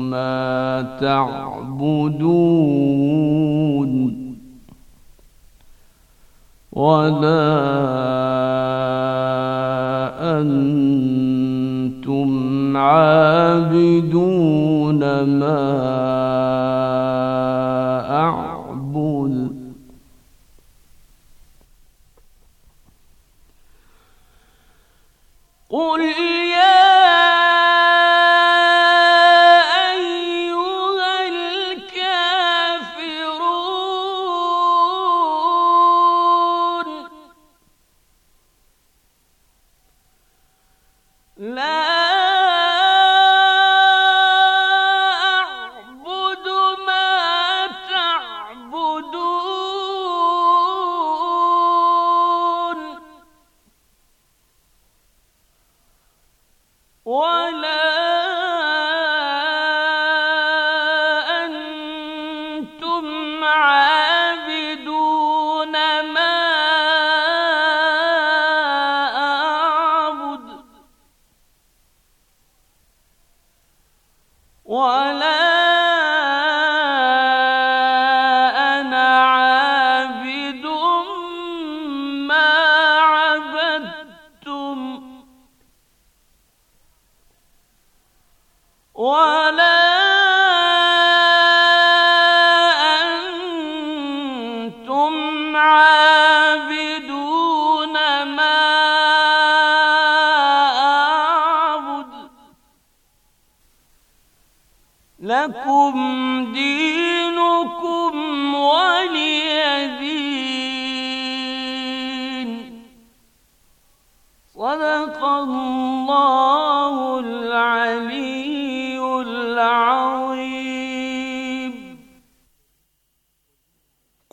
ما تعبدون ولا أنتم عابدون ما أعبد قل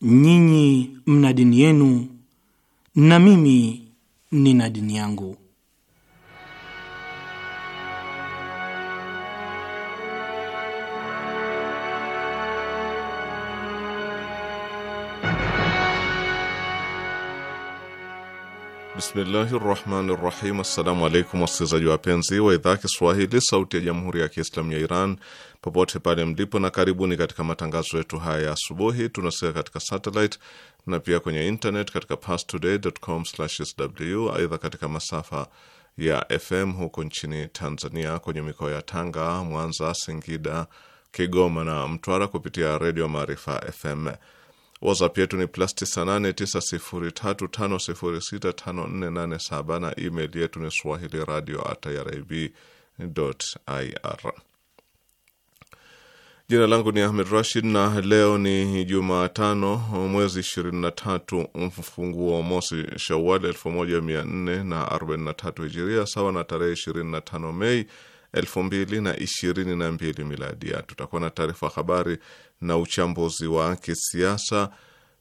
nyinyi mna dini yenu na mimi nina dini yangu. Bismillahi rahmani rahim. Assalamu alaikum wasikilizaji wapenzi wa idhaa Kiswahili sauti ya jamhuri ya Kiislamu ya Iran popote pale mlipo, na karibuni katika matangazo yetu haya ya asubuhi. Tunasikia katika satellite na pia kwenye internet katika pastoday.com/sw. Aidha, katika masafa ya FM huko nchini Tanzania, kwenye mikoa ya Tanga, Mwanza, Singida, Kigoma na Mtwara kupitia Redio Maarifa FM. WhatsApp yetu ni plus 989035065487 na email yetu ni swahili radio at irib ir. Jina langu ni Ahmed Rashid na leo ni Jumatano, mwezi 23 mfunguo mosi Shawal 1443 Hijiria, sawa na tarehe 25 Mei 2022 Miladia. Tutakuwa na taarifa habari na uchambuzi wa kisiasa.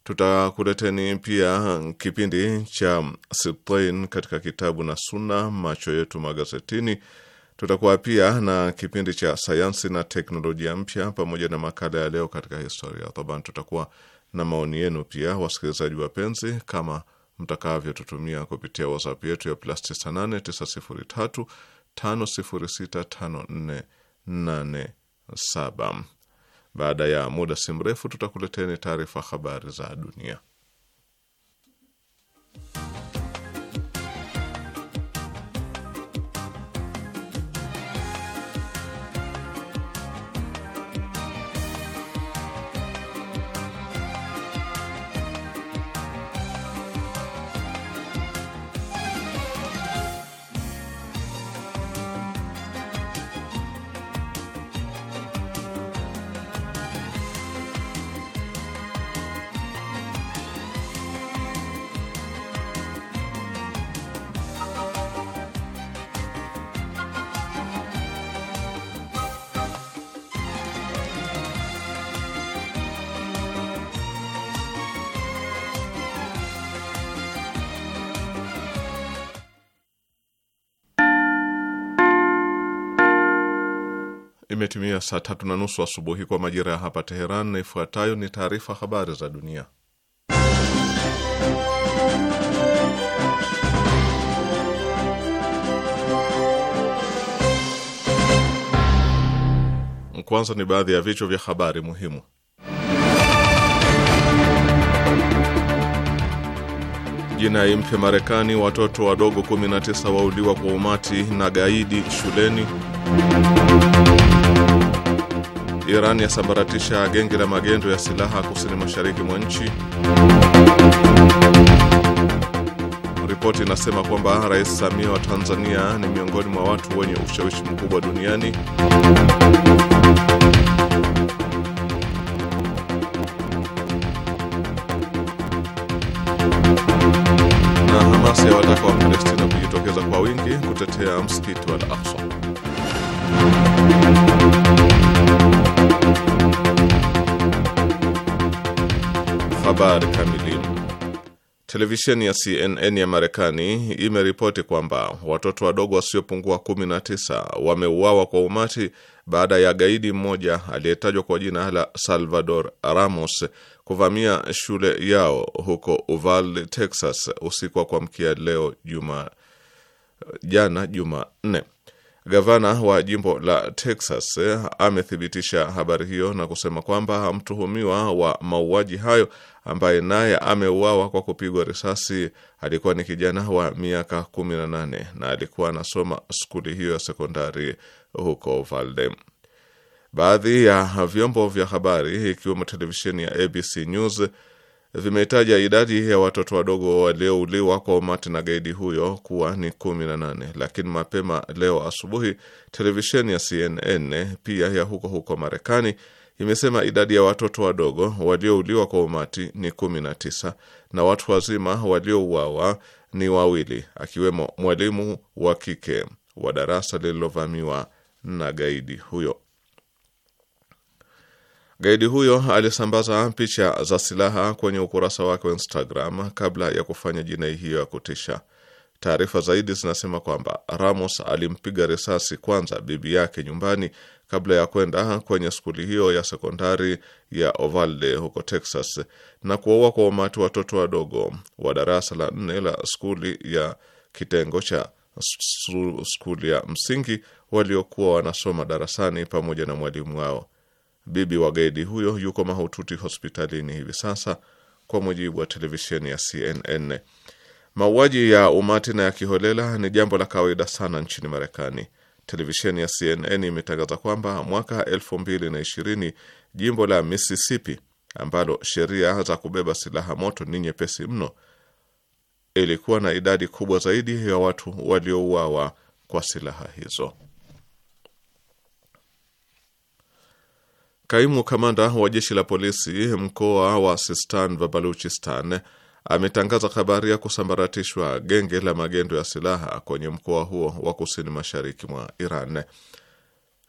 Tutakuleteni pia kipindi cha Sitain katika kitabu na Sunna, macho yetu magazetini Tutakuwa pia na kipindi cha sayansi na teknolojia mpya pamoja na makala ya leo katika historia. Taban, tutakuwa na maoni yenu pia, wasikilizaji wapenzi, kama mtakavyotutumia kupitia WhatsApp yetu ya plus 98 9035065487. Baada ya muda si mrefu, tutakuleteni taarifa habari za dunia. saa tatu na nusu asubuhi kwa majira ya hapa Teheran, na ifuatayo ni taarifa habari za dunia. Kwanza ni baadhi ya vichwa vya habari muhimu. Jinai mpya Marekani, watoto wadogo 19 wauliwa kwa umati na gaidi shuleni. Iran yasambaratisha genge la magendo ya silaha kusini mashariki mwa nchi. Ripoti inasema kwamba Rais Samia wa Tanzania ni miongoni mwa watu wenye ushawishi mkubwa duniani. Na Hamas yawataka Wapalestina kujitokeza kwa wingi kutetea msikiti wa Al-Aqsa. Habari kamili. Televisheni ya CNN ya Marekani imeripoti kwamba watoto wadogo wasiopungua 19 wameuawa kwa umati baada ya gaidi mmoja aliyetajwa kwa jina la Salvador Ramos kuvamia shule yao huko Uvalde, Texas usiku wa kuamkia leo juma jana Jumanne. Gavana wa jimbo la Texas amethibitisha habari hiyo na kusema kwamba mtuhumiwa wa mauaji hayo ambaye naye ameuawa kwa kupigwa risasi alikuwa ni kijana wa miaka 18 na alikuwa anasoma skuli hiyo ya sekondari huko Valde. Baadhi ya vyombo vya habari ikiwemo televisheni ya ABC News vimetaja idadi ya watoto wadogo waliouliwa kwa umati na gaidi huyo kuwa ni 18, lakini mapema leo asubuhi televisheni ya CNN pia ya huko huko Marekani imesema idadi ya watoto wadogo waliouliwa kwa umati ni kumi na tisa na watu wazima waliouawa ni wawili, akiwemo mwalimu wa kike wa darasa lililovamiwa na gaidi huyo. Gaidi huyo alisambaza picha za silaha kwenye ukurasa wake wa Instagram kabla ya kufanya jinai hiyo ya kutisha. Taarifa zaidi zinasema kwamba Ramos alimpiga risasi kwanza bibi yake nyumbani kabla ya kwenda kwenye skuli hiyo ya sekondari ya Ovalde huko Texas na kuwaua kwa umati watoto wadogo wa darasa la nne la skuli ya kitengo cha skuli ya msingi waliokuwa wanasoma darasani pamoja na mwalimu wao. Bibi wa gaidi huyo yuko mahututi hospitalini hivi sasa, kwa mujibu wa televisheni ya CNN. Mauaji ya umati na ya kiholela ni jambo la kawaida sana nchini Marekani. Televisheni ya CNN imetangaza kwamba mwaka 2020 jimbo la Mississippi ambalo sheria za kubeba silaha moto ni nyepesi mno ilikuwa na idadi kubwa zaidi ya watu waliouawa kwa silaha hizo. Kaimu kamanda wa jeshi la polisi mkoa wa Sistan va Baluchistan ametangaza habari ya kusambaratishwa genge la magendo ya silaha kwenye mkoa huo wa kusini mashariki mwa Iran.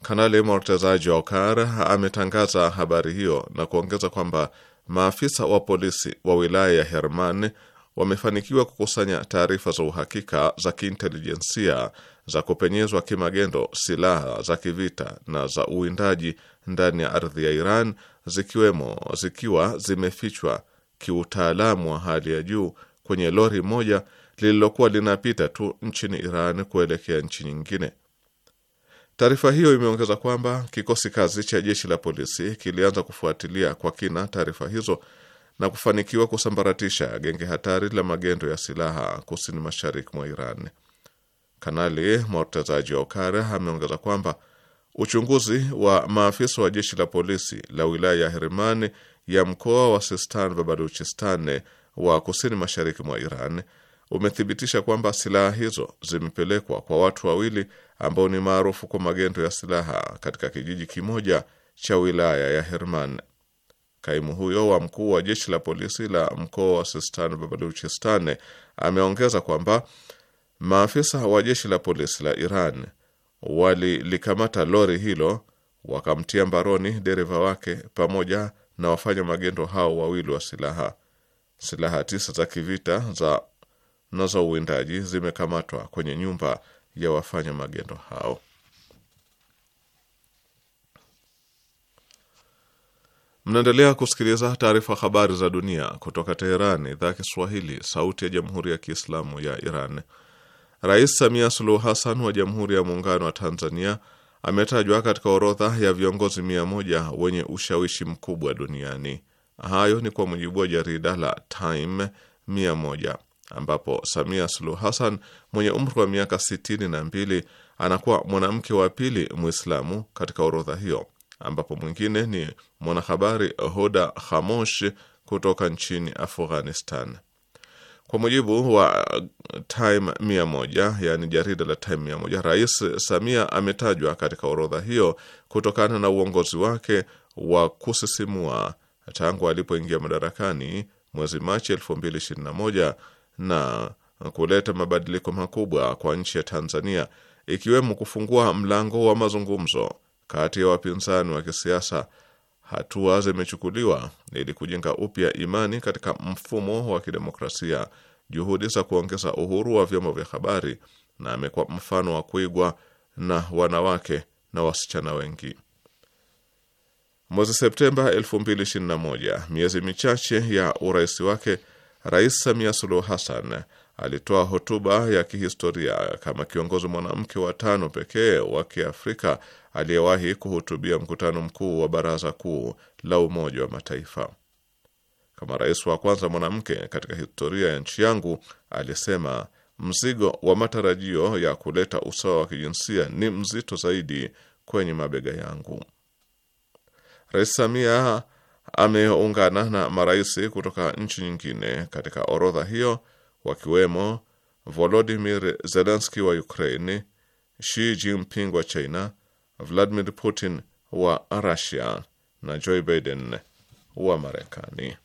Kanali Morteza Jokar ametangaza habari hiyo na kuongeza kwamba maafisa wa polisi wa wilaya ya Herman wamefanikiwa kukusanya taarifa za uhakika za kiintelijensia za kupenyezwa kimagendo silaha za kivita na za uwindaji ndani ya ardhi ya Iran zikiwemo zikiwa zimefichwa kiutaalamu wa hali ya juu kwenye lori moja lililokuwa linapita tu nchini Iran kuelekea nchi nyingine. Taarifa hiyo imeongeza kwamba kikosi kazi cha jeshi la polisi kilianza kufuatilia kwa kina taarifa hizo na kufanikiwa kusambaratisha genge hatari la magendo ya silaha kusini mashariki mwa Iran. Kanali Mortaza Jiokare ameongeza kwamba Uchunguzi wa maafisa wa jeshi la polisi la wilaya ya herman ya mkoa wa Sistan Babaluchistan wa kusini mashariki mwa Iran umethibitisha kwamba silaha hizo zimepelekwa kwa watu wawili ambao ni maarufu kwa magendo ya silaha katika kijiji kimoja cha wilaya ya Herman. Kaimu huyo wa mkuu wa jeshi la polisi la mkoa wa Sistan Babaluchistan ameongeza kwamba maafisa wa jeshi la polisi la Iran walilikamata lori hilo wakamtia mbaroni dereva wake pamoja na wafanya magendo hao wawili wa silaha. Silaha tisa za kivita za na za uwindaji zimekamatwa kwenye nyumba ya wafanya magendo hao. Mnaendelea kusikiliza taarifa habari za dunia kutoka Teherani, idhaa Kiswahili, sauti ya jamhuri ya kiislamu ya Iran. Rais Samia Suluhu Hassan wa Jamhuri ya Muungano wa Tanzania ametajwa katika orodha ya viongozi mia moja wenye ushawishi mkubwa duniani. Hayo ni kwa mujibu wa jarida la Time mia moja ambapo Samia Suluhu Hassan mwenye umri wa miaka sitini na mbili anakuwa mwanamke wa pili Mwislamu katika orodha hiyo, ambapo mwingine ni mwanahabari hoda Khamosh kutoka nchini Afghanistan. Kwa mujibu wa Time 100 yani jarida la Time 100, Rais Samia ametajwa katika orodha hiyo kutokana na uongozi wake wa kusisimua tangu alipoingia madarakani mwezi Machi 2021 na kuleta mabadiliko makubwa kwa nchi ya Tanzania ikiwemo kufungua mlango wa mazungumzo kati ya wapinzani wa kisiasa hatua zimechukuliwa ili kujenga upya imani katika mfumo wa kidemokrasia, juhudi za kuongeza uhuru wa vyombo vya habari, na amekuwa mfano wa kuigwa na wanawake na wasichana wengi. Mwezi Septemba 2021, miezi michache ya urais wake, Rais Samia Suluhu Hassan alitoa hotuba ya kihistoria kama kiongozi mwanamke wa tano pekee wa Kiafrika aliyewahi kuhutubia mkutano mkuu wa Baraza Kuu la Umoja wa Mataifa. Kama rais wa kwanza mwanamke katika historia ya nchi yangu, alisema mzigo wa matarajio ya kuleta usawa wa kijinsia ni mzito zaidi kwenye mabega yangu. Rais Samia ameungana na marais kutoka nchi nyingine katika orodha hiyo wakiwemo Volodimir Zelenski wa Ukraini, Shi Jinping wa China, Vladimir Putin wa Rusia na Joe Biden wa Marekani.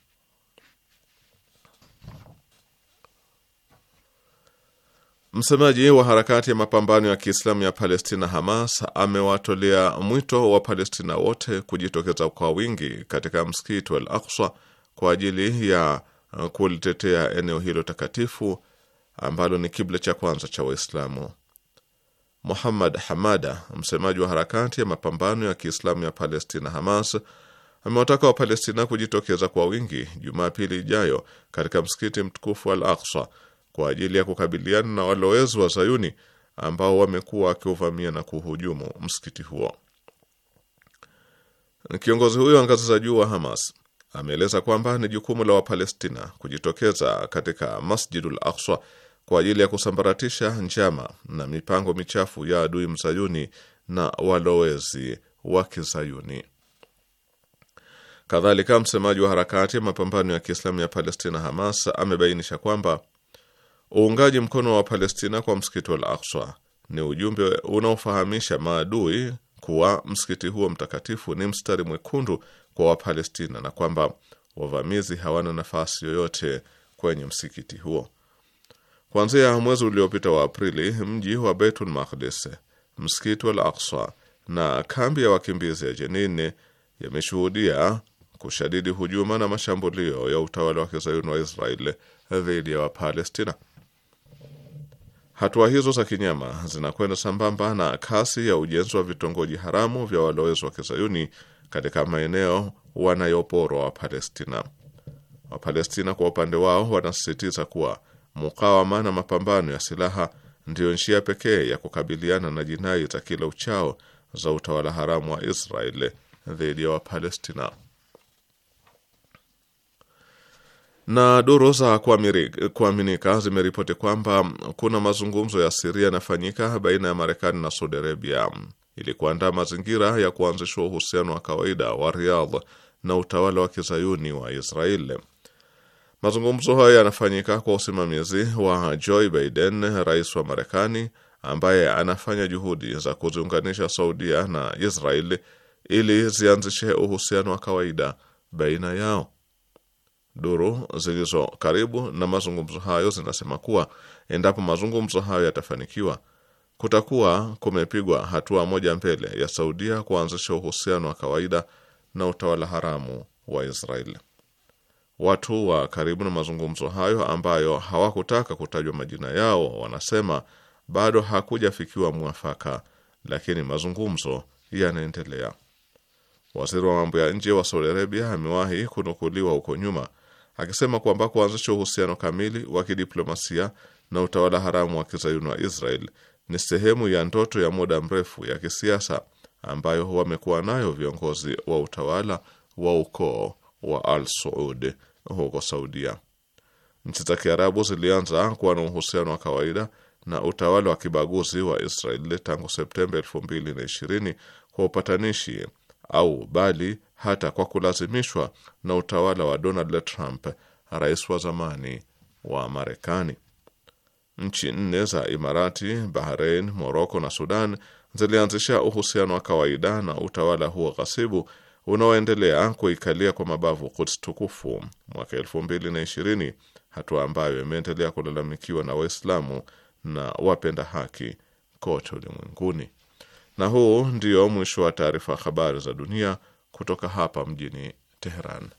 Msemaji wa harakati ya mapambano ya Kiislamu ya Palestina Hamas amewatolea mwito wa Palestina wote kujitokeza kwa wingi katika msikiti Al Aqsa kwa ajili ya Uh, kulitetea eneo hilo takatifu ambalo ni kibla cha kwanza cha Waislamu. Muhammad Hamada, msemaji wa harakati ya mapambano ya Kiislamu ya Palestina, Hamas, amewataka Wapalestina kujitokeza kwa wingi Jumapili ijayo katika msikiti mtukufu Al aksa kwa ajili ya kukabiliana na walowezi wa Zayuni ambao wamekuwa wakiuvamia na kuhujumu msikiti huo. Kiongozi huyo wa ngazi za juu wa Hamas ameeleza kwamba ni jukumu la Wapalestina kujitokeza katika Masjidul Aqsa kwa ajili ya kusambaratisha njama na mipango michafu ya adui mzayuni na walowezi wa kizayuni. Kadhalika, msemaji wa harakati ya mapambano ya Kiislamu ya Palestina, Hamas, amebainisha kwamba uungaji mkono wa Palestina kwa msikiti wa Al-Aqsa ni ujumbe unaofahamisha maadui kuwa msikiti huo mtakatifu ni mstari mwekundu kwa Wapalestina na kwamba wavamizi hawana nafasi yoyote kwenye msikiti huo. Kuanzia mwezi uliopita wa Aprili, mji wa Beitul Maqdis, msikiti wa aqsa na kambi ya wakimbizi ya Jenini yameshuhudia kushadidi hujuma na mashambulio ya utawala wa kizayuni wa Israeli dhidi ya Wapalestina. Hatua hizo za kinyama zinakwenda sambamba na kasi ya ujenzi wa vitongoji haramu vya walowezi wa kizayuni katika maeneo wanayoporwa Wapalestina. Wapalestina kwa upande wao wanasisitiza kuwa mukawama na mapambano ya silaha ndiyo njia pekee ya kukabiliana na jinai za kila uchao za utawala haramu wa Israeli dhidi ya Wapalestina. Na duru za kuaminika zimeripoti kwamba kuna mazungumzo ya siri yanafanyika baina ya Marekani na Saudi Arabia ili kuandaa mazingira ya kuanzishwa uhusiano wa kawaida wa Riyadh na utawala wa kizayuni wa Israeli. Mazungumzo hayo yanafanyika kwa usimamizi wa Joe Biden, rais wa Marekani, ambaye anafanya juhudi za kuziunganisha Saudia na Israeli ili zianzishe uhusiano wa kawaida baina yao. Duru zilizo karibu na mazungumzo hayo zinasema kuwa endapo mazungumzo hayo yatafanikiwa kutakuwa kumepigwa hatua moja mbele ya Saudia kuanzisha uhusiano wa kawaida na utawala haramu wa israel Watu wa karibu na mazungumzo hayo ambayo hawakutaka kutajwa majina yao wanasema bado hakujafikiwa mwafaka, lakini mazungumzo yanaendelea. Waziri wa mambo ya nje wa Saudi Arabia amewahi kunukuliwa huko nyuma akisema kwamba kuanzisha uhusiano kamili wa kidiplomasia na utawala haramu wa kizayuni wa Israel ni sehemu ya ndoto ya muda mrefu ya kisiasa ambayo wamekuwa nayo viongozi wa utawala wa ukoo wa Al Saud huko Saudia. Nchi za Kiarabu zilianza kuwa na uhusiano wa kawaida na utawala wa kibaguzi wa Israeli tangu Septemba 2020 kwa upatanishi au bali hata kwa kulazimishwa na utawala wa Donald Trump, rais wa zamani wa Marekani. Nchi nne za Imarati, bahrein Moroko na Sudan zilianzisha uhusiano wa kawaida na utawala huo ghasibu unaoendelea kuikalia kwa mabavu kuts tukufu mwaka elfu mbili na ishirini, hatua ambayo imeendelea kulalamikiwa na Waislamu na wapenda haki kote ulimwenguni. Na huu ndio mwisho wa taarifa habari za dunia kutoka hapa mjini Teheran.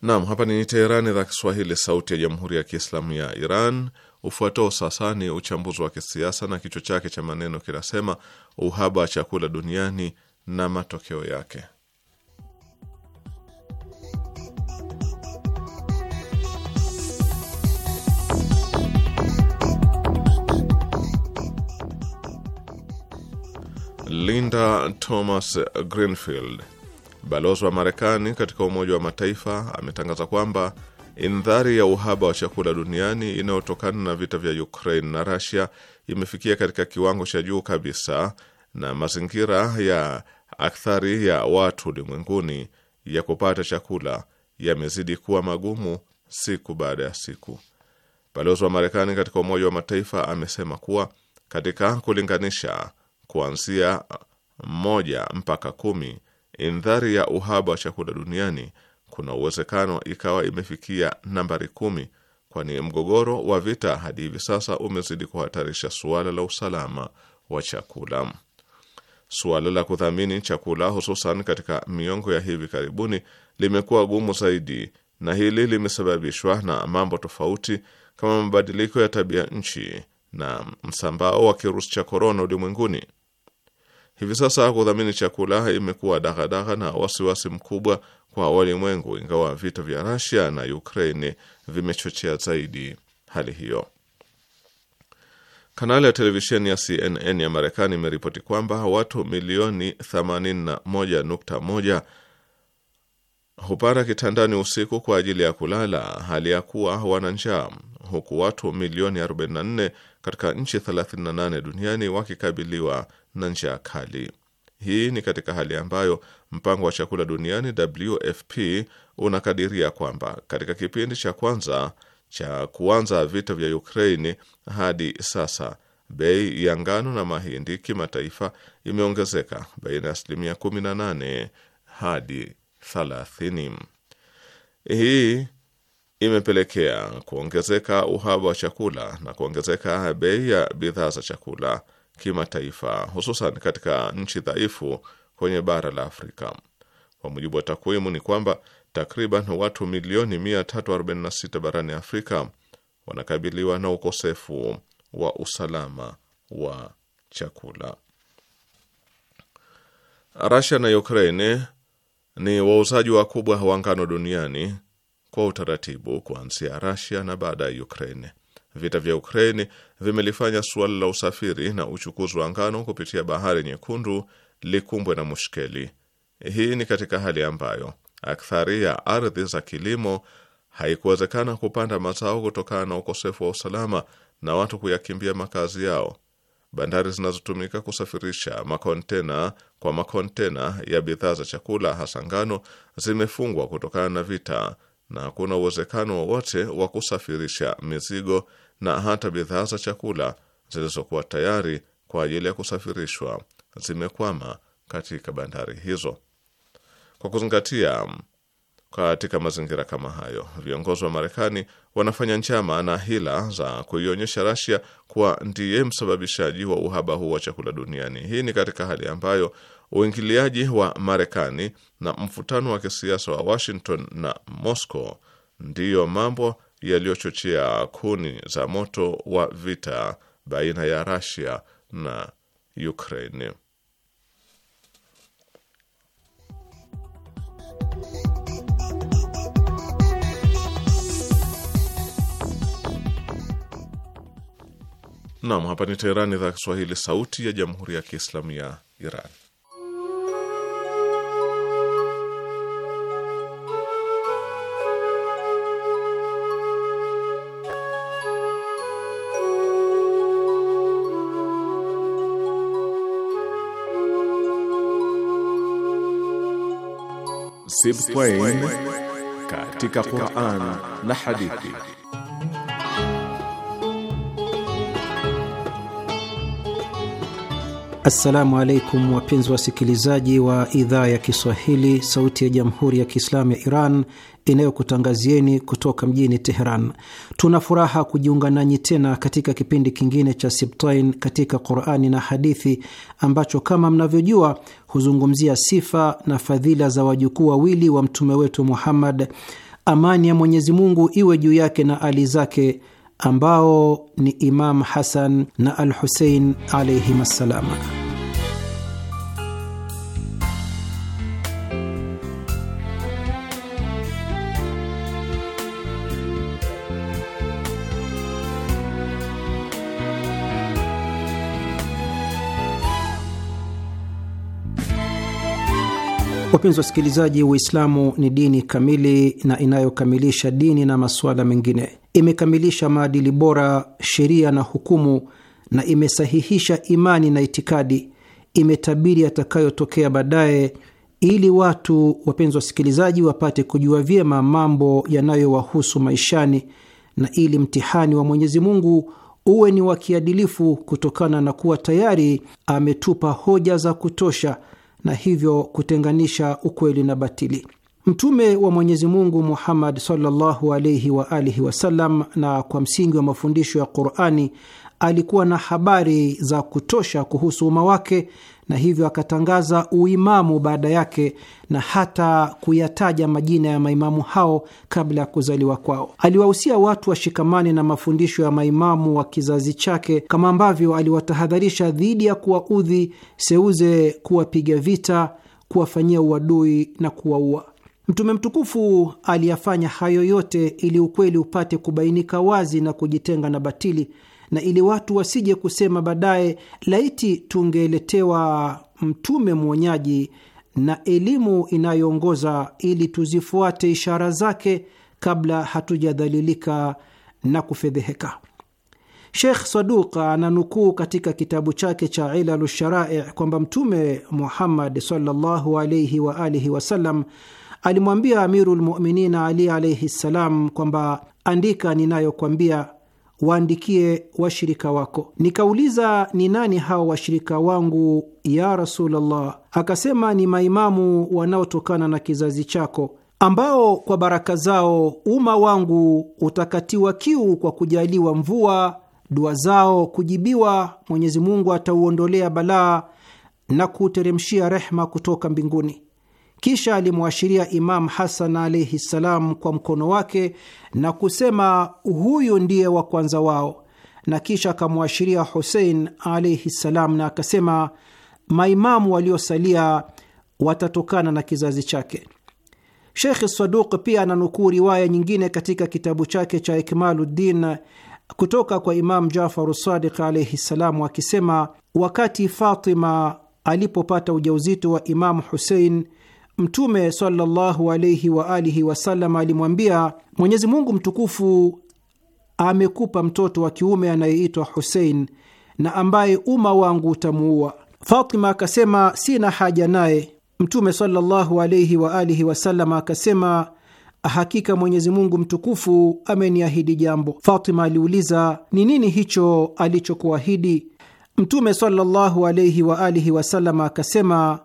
Naam, hapa ni Teherani, idhaa Kiswahili, sauti ya jamhuri ya kiislamu ya Iran. Ufuatao sasa ni uchambuzi wa kisiasa na kichwa chake cha maneno kinasema uhaba wa chakula duniani na matokeo yake. Linda Thomas Greenfield Balozi wa Marekani katika Umoja wa Mataifa ametangaza kwamba indhari ya uhaba wa chakula duniani inayotokana na vita vya Ukraine na Russia imefikia katika kiwango cha juu kabisa na mazingira ya akthari ya watu ulimwenguni ya kupata chakula yamezidi kuwa magumu siku baada ya siku. Balozi wa Marekani katika Umoja wa Mataifa amesema kuwa katika kulinganisha kuanzia moja mpaka kumi indhari ya uhaba wa chakula duniani kuna uwezekano ikawa imefikia nambari kumi, kwani mgogoro wa vita hadi hivi sasa umezidi kuhatarisha suala la usalama wa chakula. Suala la kudhamini chakula, hususan katika miongo ya hivi karibuni, limekuwa gumu zaidi, na hili limesababishwa na mambo tofauti kama mabadiliko ya tabia nchi na msambao wa kirusi cha korona ulimwenguni. Hivi sasa kudhamini chakula imekuwa dagadaga na wasiwasi mkubwa kwa walimwengu, ingawa vita vya rusia na Ukraini vimechochea zaidi hali hiyo. Kanali ya televisheni ya CNN ya Marekani imeripoti kwamba watu milioni 81.1 hupara kitandani usiku kwa ajili ya kulala hali ya kuwa wana njaa, huku watu milioni 44 katika nchi 38 duniani wakikabiliwa na njaa kali. Hii ni katika hali ambayo mpango wa chakula duniani WFP unakadiria kwamba katika kipindi cha kwanza cha kuanza vita vya Ukraini hadi sasa bei ya ngano na mahindi kimataifa imeongezeka baina ya asilimia 18 hadi 30. Hii imepelekea kuongezeka uhaba wa chakula na kuongezeka bei ya bidhaa za chakula kimataifa, hususan katika nchi dhaifu kwenye bara la Afrika. Kwa mujibu wa takwimu, ni kwamba takriban watu milioni 346 barani Afrika wanakabiliwa na ukosefu wa usalama wa chakula. Rasia na Ukraine ni wauzaji wakubwa wa ngano duniani kwa utaratibu, kuanzia Rasia na baada ya Ukraine. Vita vya Ukraini vimelifanya suala la usafiri na uchukuzi wa ngano kupitia bahari nyekundu likumbwe na mushkeli. Hii ni katika hali ambayo akthari ya ardhi za kilimo haikuwezekana kupanda mazao kutokana na ukosefu wa usalama na watu kuyakimbia makazi yao. Bandari zinazotumika kusafirisha makontena kwa makontena ya bidhaa za chakula hasa ngano zimefungwa kutokana na vita na hakuna uwezekano wowote wa kusafirisha mizigo na hata bidhaa za chakula zilizokuwa tayari kwa ajili ya kusafirishwa zimekwama katika bandari hizo. Kwa kuzingatia katika mazingira kama hayo, viongozi wa Marekani wanafanya njama na hila za kuionyesha Rasia kuwa ndiye msababishaji wa uhaba huu wa chakula duniani. Hii ni katika hali ambayo uingiliaji wa Marekani na mvutano wa kisiasa wa Washington na Moscow ndiyo mambo yaliyochochea kuni za moto wa vita baina ya Russia na Ukraine. nam hapa ni Teherani, idhaa Kiswahili, sauti ya Jamhuri ya Kiislamu ya Iran. Sibtwain katika Qur'an na hadithi. Assalamu alaikum wapenzi wasikilizaji wa idhaa ya Kiswahili, sauti ya jamhuri ya kiislamu ya Iran inayokutangazieni kutoka mjini Teheran. Tuna furaha kujiunga nanyi tena katika kipindi kingine cha Sibtain katika Qurani na Hadithi, ambacho kama mnavyojua huzungumzia sifa na fadhila za wajukuu wawili wa mtume wetu Muhammad, amani ya Mwenyezi Mungu iwe juu yake na ali zake ambao ni Imam Hasan na al Husein alaihim assalama. Wapenzi wasikilizaji, Uislamu ni dini kamili na inayokamilisha dini na masuala mengine. Imekamilisha maadili bora, sheria na hukumu, na imesahihisha imani na itikadi. Imetabiri yatakayotokea baadaye, ili watu, wapenzi wasikilizaji, wapate kujua vyema mambo yanayowahusu maishani, na ili mtihani wa Mwenyezi Mungu uwe ni wa kiadilifu, kutokana na kuwa tayari ametupa hoja za kutosha na hivyo kutenganisha ukweli na batili. Mtume wa Mwenyezi Mungu Muhammad sallallahu alaihi wa alihi wasallam, na kwa msingi wa mafundisho ya Qurani, alikuwa na habari za kutosha kuhusu umma wake na hivyo akatangaza uimamu baada yake na hata kuyataja majina ya maimamu hao kabla ya kuzaliwa kwao. Aliwahusia watu washikamane na mafundisho ya maimamu wa kizazi chake, kama ambavyo aliwatahadharisha dhidi ya kuwaudhi, seuze kuwapiga vita, kuwafanyia uadui na kuwaua. Mtume mtukufu aliyafanya hayo yote ili ukweli upate kubainika wazi na kujitenga na batili na ili watu wasije kusema baadaye, laiti tungeletewa mtume mwonyaji na elimu inayoongoza ili tuzifuate ishara zake kabla hatujadhalilika na kufedheheka. Sheikh Saduq ananukuu katika kitabu chake cha Ilalu Sharai kwamba Mtume Muhammad sallallahu alayhi wa alihi wasallam alimwambia Amiru Ali alaihi ssalam kwamba andika ninayokwambia waandikie washirika wako. Nikauliza, ni nani hao washirika wangu ya Rasulullah? Akasema, ni maimamu wanaotokana na kizazi chako ambao kwa baraka zao umma wangu utakatiwa kiu kwa kujaliwa mvua, dua zao kujibiwa, Mwenyezi Mungu atauondolea balaa na kuuteremshia rehma kutoka mbinguni. Kisha alimwashiria Imam Hasan alaihi ssalam kwa mkono wake na kusema, huyu ndiye wa kwanza wao, na kisha akamwashiria Husein alaihi ssalam na akasema, maimamu waliosalia watatokana na kizazi chake. Sheikh Saduq pia ananukuu riwaya nyingine katika kitabu chake cha Ikmaluddin kutoka kwa Imam Jafaru Sadiq alaihi ssalam akisema, wakati Fatima alipopata ujauzito wa Imamu Husein Mtume sallallahu alaihi wa alihi wasallam alimwambia, Mwenyezi Mungu mtukufu amekupa mtoto wa kiume anayeitwa Husein na ambaye umma wangu utamuua. Fatima akasema sina haja naye. Mtume sallallahu alaihi wa alihi wasallam akasema hakika Mwenyezi Mungu mtukufu ameniahidi jambo. Fatima aliuliza ni nini hicho alichokuahidi? Mtume sallallahu alaihi wa alihi wasallam akasema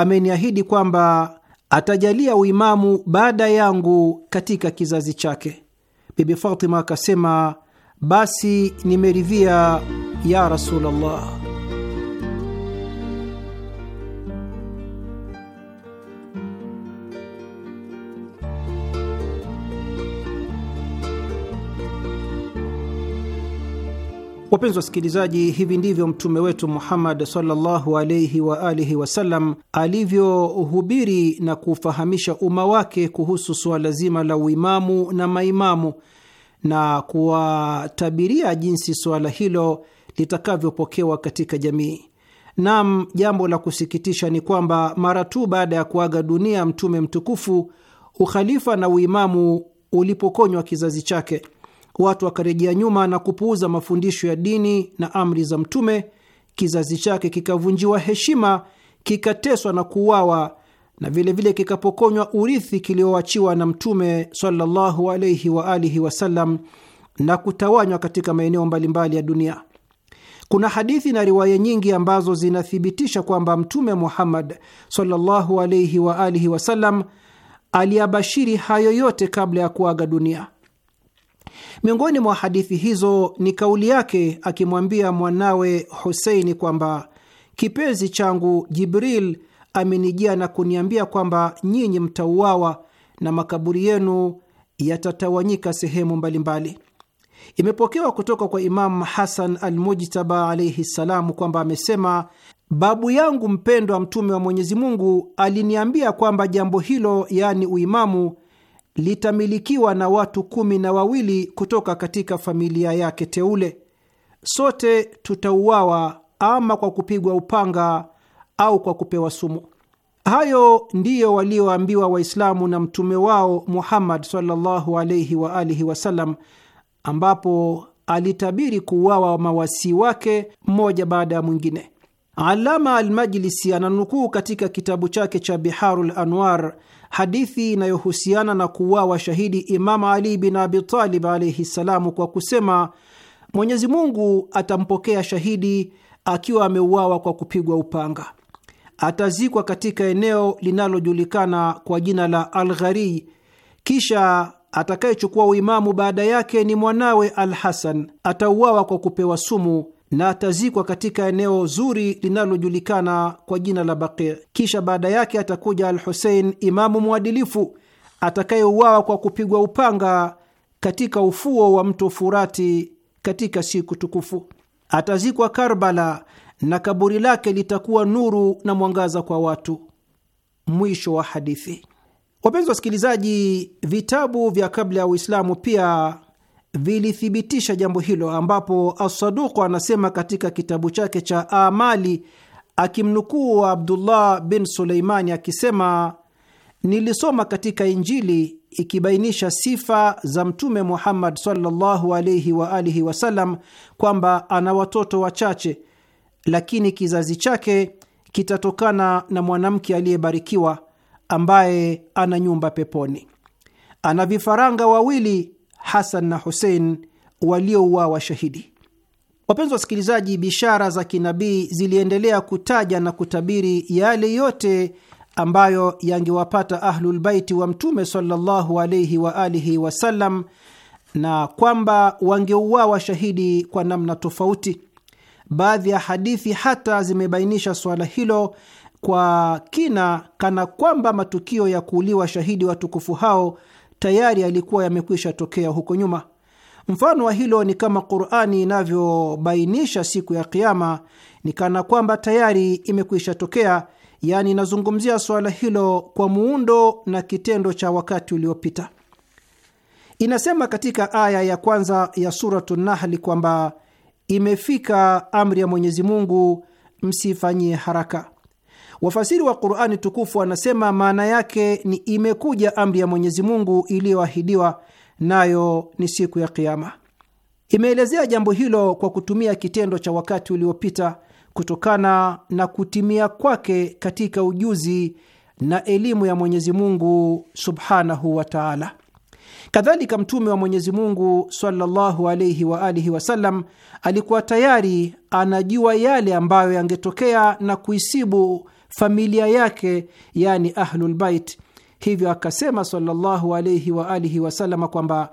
ameniahidi kwamba atajalia uimamu baada yangu katika kizazi chake. Bibi Fatima akasema, basi nimeridhia ya Rasulullah. Wapenzi wasikilizaji, hivi ndivyo mtume wetu Muhammad sallallahu alaihi wa alihi wasallam alivyohubiri na kufahamisha umma wake kuhusu suala zima la uimamu na maimamu na kuwatabiria jinsi suala hilo litakavyopokewa katika jamii. Naam, jambo la kusikitisha ni kwamba mara tu baada ya kuaga dunia mtume mtukufu, ukhalifa na uimamu ulipokonywa kizazi chake watu wakarejea nyuma na kupuuza mafundisho ya dini na amri za Mtume. Kizazi chake kikavunjiwa heshima, kikateswa na kuuawa, na vilevile kikapokonywa urithi kilioachiwa na Mtume sallallahu alaihi wa alihi wasallam na kutawanywa katika maeneo mbalimbali ya dunia. Kuna hadithi na riwaya nyingi ambazo zinathibitisha kwamba Mtume Muhammad sallallahu alaihi wa alihi wasallam aliabashiri hayo yote kabla ya kuaga dunia. Miongoni mwa hadithi hizo ni kauli yake akimwambia mwanawe Huseini kwamba kipenzi changu Jibril amenijia na kuniambia kwamba nyinyi mtauawa na makaburi yenu yatatawanyika sehemu mbalimbali. Imepokewa kutoka kwa Imamu Hasan Almujtaba alaihi ssalamu kwamba amesema, babu yangu mpendwa Mtume wa Mwenyezi Mungu aliniambia kwamba jambo hilo, yaani uimamu, litamilikiwa na watu kumi na wawili kutoka katika familia yake teule. Sote tutauawa ama kwa kupigwa upanga au kwa kupewa sumu. Hayo ndiyo walioambiwa Waislamu na mtume wao Muhammad sallallahu alaihi wa alihi wasallam, ambapo alitabiri kuuawa mawasii wake mmoja baada ya mwingine. Alama Almajlisi ananukuu katika kitabu chake cha Biharul Anwar hadithi inayohusiana na kuuawa shahidi Imamu Ali bin Abitalib alaihi ssalamu, kwa kusema Mwenyezi Mungu atampokea shahidi akiwa ameuawa kwa kupigwa upanga, atazikwa katika eneo linalojulikana kwa jina la al Al-Ghari, kisha atakayechukua uimamu baada yake ni mwanawe Al Hasan, atauawa kwa kupewa sumu na atazikwa katika eneo zuri linalojulikana kwa jina la Baqi. Kisha baada yake atakuja Al Husein, imamu mwadilifu atakayeuawa kwa kupigwa upanga katika ufuo wa mto Furati katika siku tukufu. Atazikwa Karbala na kaburi lake litakuwa nuru na mwangaza kwa watu. Mwisho wa hadithi. Wapenzi wasikilizaji, vitabu vya kabla ya Uislamu pia vilithibitisha jambo hilo, ambapo Asaduku anasema katika kitabu chake cha Amali akimnukuu Abdullah bin Suleimani akisema nilisoma katika Injili ikibainisha sifa za Mtume Muhammad sallallahu alaihi wa alihi wasallam kwamba ana watoto wachache, lakini kizazi chake kitatokana na mwanamke aliyebarikiwa ambaye ana nyumba peponi, ana vifaranga wawili Hasan na Husein waliouawa shahidi. Wapenzi wasikilizaji, bishara za kinabii ziliendelea kutaja na kutabiri yale yote ambayo yangewapata Ahlulbaiti wa Mtume sallallahu alaihi wa alihi wasallam na kwamba wangeuawa shahidi kwa namna tofauti. Baadhi ya hadithi hata zimebainisha suala hilo kwa kina, kana kwamba matukio ya kuuliwa shahidi watukufu hao tayari yalikuwa yamekwisha tokea huko nyuma. Mfano wa hilo ni kama Qurani inavyobainisha siku ya Kiama ni kana kwamba tayari imekwisha tokea, yaani inazungumzia suala hilo kwa muundo na kitendo cha wakati uliopita. Inasema katika aya ya kwanza ya Suratu Nahli kwamba imefika amri ya Mwenyezi Mungu, msifanyie haraka. Wafasiri wa Qurani tukufu wanasema maana yake ni imekuja amri ya Mwenyezi Mungu iliyoahidiwa, nayo ni siku ya Kiama. Imeelezea jambo hilo kwa kutumia kitendo cha wakati uliopita kutokana na kutimia kwake katika ujuzi na elimu ya Mwenyezi Mungu subhanahu wa taala. Kadhalika, Mtume wa Mwenyezi Mungu sallallahu alaihi wa alihi wasallam alikuwa tayari anajua yale ambayo yangetokea na kuisibu familia yake, yani Ahlulbait. Hivyo akasema sallallahu alaihi wa alihi wasalama kwamba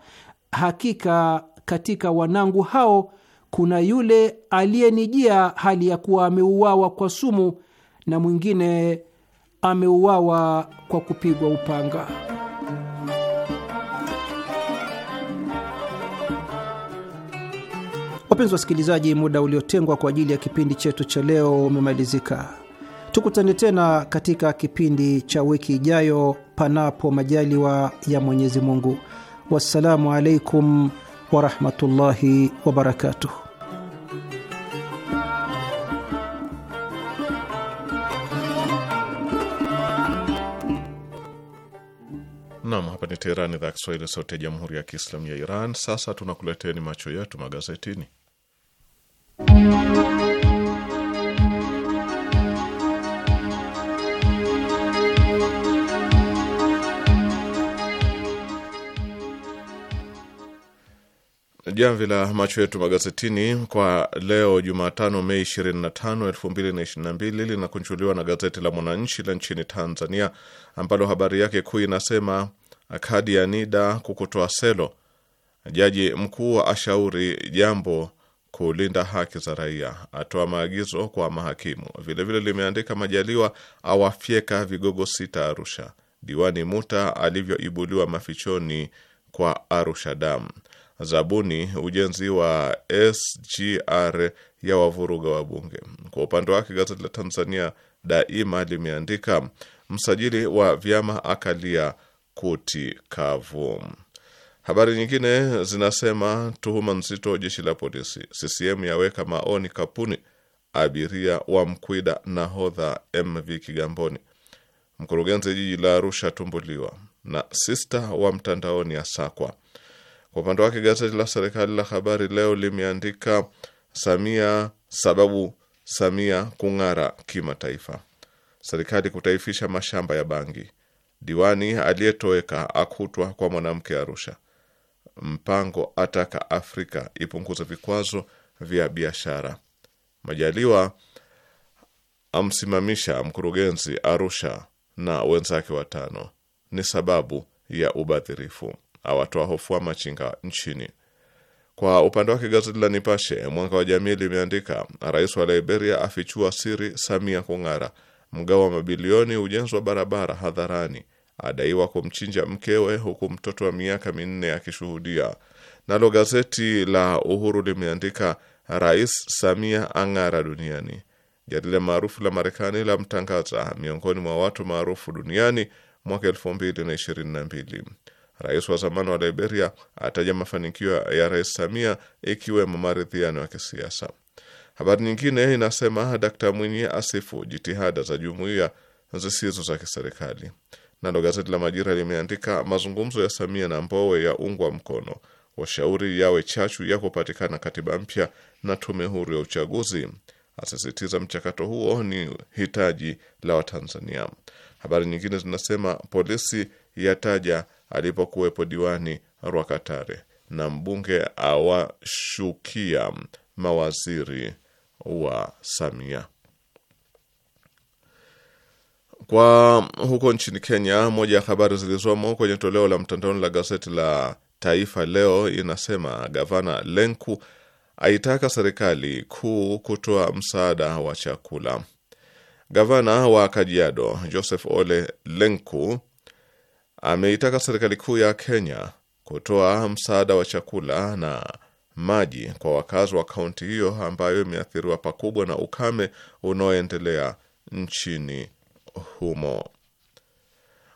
hakika katika wanangu hao kuna yule aliyenijia hali ya kuwa ameuawa kwa sumu na mwingine ameuawa kwa kupigwa upanga. Wapenzi wasikilizaji, muda uliotengwa kwa ajili ya kipindi chetu cha leo umemalizika. Tukutane tena katika kipindi cha wiki ijayo, panapo majaliwa ya Mwenyezi Mungu. Wassalamu alaikum warahmatullahi wabarakatuh. Nam, hapa ni Teheran, idhaa ya Kiswahili, sauti ya jamhuri ya kiislamu ya Iran. Sasa tunakuleteni macho yetu magazetini Jamvi la macho yetu magazetini kwa leo Jumatano, Mei 25, 2022 linakunjuliwa na gazeti la Mwananchi la nchini Tanzania, ambalo habari yake kuu inasema kadi ya NIDA kukutoa selo, jaji mkuu wa ashauri jambo kulinda haki za raia, atoa maagizo kwa mahakimu. Vilevile limeandika Majaliwa awafyeka vigogo sita Arusha, diwani Muta alivyoibuliwa mafichoni kwa Arusha damu zabuni ujenzi wa SGR ya wavuruga wa bunge. Kwa upande wake gazeti la Tanzania Daima limeandika msajili wa vyama akalia kuti kavu. Habari nyingine zinasema tuhuma nzito jeshi la polisi, CCM yaweka maoni kapuni, abiria wa mkwida nahodha MV Kigamboni, mkurugenzi jiji la Arusha tumbuliwa, na sista wa mtandaoni asakwa sakwa kwa upande wake gazeti la serikali la Habari Leo limeandika Samia sababu Samia kung'ara kimataifa, serikali kutaifisha mashamba ya bangi, diwani aliyetoweka akutwa kwa mwanamke Arusha, Mpango ataka Afrika ipunguze vikwazo vya biashara, Majaliwa amsimamisha mkurugenzi Arusha na wenzake watano, ni sababu ya ubadhirifu awatoa hofua machinga nchini. Kwa upande wake gazeti la Nipashe mwanga wa jamii limeandika rais wa Liberia afichua siri Samia kung'ara, mgao wa mabilioni ujenzi wa barabara hadharani, adaiwa kumchinja mkewe huku mtoto wa miaka minne akishuhudia. Nalo gazeti la Uhuru limeandika Rais Samia ang'ara duniani. Jarida maarufu la Marekani la mtangaza miongoni mwa watu maarufu duniani mwaka elfu mbili na ishirini na mbili. Rais wa zamani wa Liberia ataja mafanikio ya Rais Samia ikiwemo maridhiano ya kisiasa. Habari nyingine inasema Dkt Mwinyi asifu jitihada za jumuiya zisizo za kiserikali. Nalo gazeti la Majira limeandika mazungumzo ya Samia na Mbowe ya ungwa mkono, washauri yawe chachu ya kupatikana katiba mpya na tume huru ya uchaguzi, asisitiza mchakato huo ni hitaji la Watanzania. Habari nyingine zinasema polisi yataja alipokuwepo diwani Rwakatare na mbunge awashukia mawaziri wa Samia. Kwa huko nchini Kenya, moja ya habari zilizomo kwenye toleo la mtandaoni la gazeti la Taifa Leo inasema gavana Lenku aitaka serikali kuu kutoa msaada wa chakula. Gavana wa Kajiado Joseph Ole Lenku ameitaka serikali kuu ya Kenya kutoa msaada wa chakula na maji kwa wakazi wa kaunti hiyo ambayo imeathiriwa pakubwa na ukame unaoendelea nchini humo.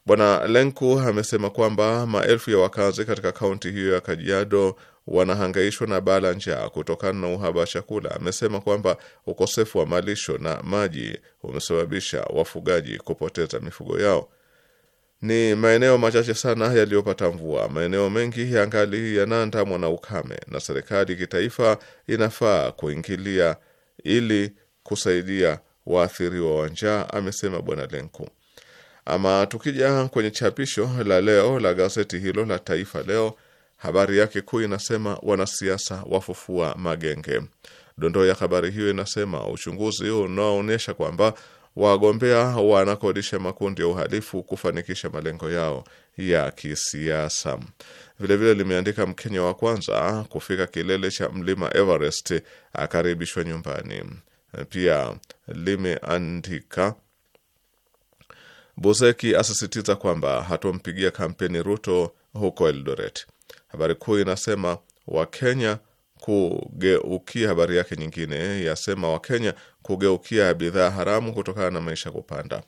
Bwana Lenku amesema kwamba maelfu ya wakazi katika kaunti hiyo ya Kajiado wanahangaishwa na baa la njaa kutokana na uhaba wa chakula. Amesema kwamba ukosefu wa malisho na maji umesababisha wafugaji kupoteza mifugo yao. Ni maeneo machache sana yaliyopata mvua. Maeneo mengi yangali yanaandamwa na ukame, na serikali kitaifa inafaa kuingilia ili kusaidia waathiriwa wa njaa, amesema Bwana Lenku. Ama tukija kwenye chapisho la leo la gazeti hilo la Taifa Leo, habari yake kuu inasema wanasiasa wafufua magenge. Dondoo ya habari hiyo inasema uchunguzi unaoonyesha kwamba wagombea wanakodisha makundi ya uhalifu kufanikisha malengo yao ya kisiasa. Vilevile limeandika Mkenya wa kwanza kufika kilele cha mlima Everest akaribishwa nyumbani. Pia limeandika Buzeki asisitiza kwamba hatumpigia kampeni Ruto huko Eldoret. Habari kuu inasema Wakenya kugeukia habari yake nyingine yasema Wakenya kugeukia bidhaa haramu kutokana na maisha kupanda.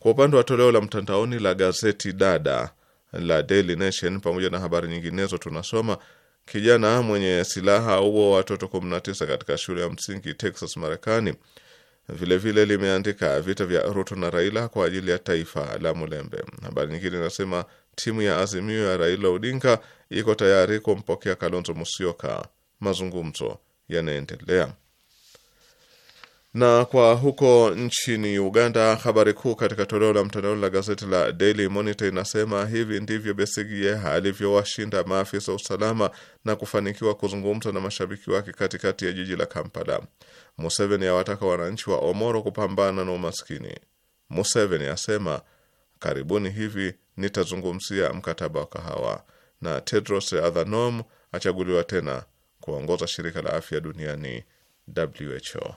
Kwa upande wa toleo la mtandaoni la gazeti dada la Daily Nation, pamoja na habari nyinginezo, tunasoma kijana mwenye silaha huo watoto 19 katika shule ya msingi Texas, Marekani. Vilevile limeandika vita vya Ruto na Raila kwa ajili ya taifa la Mulembe. Habari nyingine inasema timu ya Azimio ya Raila Odinga iko tayari kumpokea Kalonzo Musyoka, mazungumzo yanaendelea. Na kwa huko nchini Uganda, habari kuu katika toleo la mtandao la gazeti la Daily Monitor inasema hivi ndivyo Besigye alivyowashinda maafisa usalama na kufanikiwa kuzungumza na mashabiki wake katikati ya jiji la Kampala. Museveni awataka wananchi wa Omoro kupambana na umaskini. Museveni asema karibuni hivi nitazungumzia mkataba wa kahawa, na Tedros Adhanom achaguliwa tena kuongoza shirika la afya duniani WHO.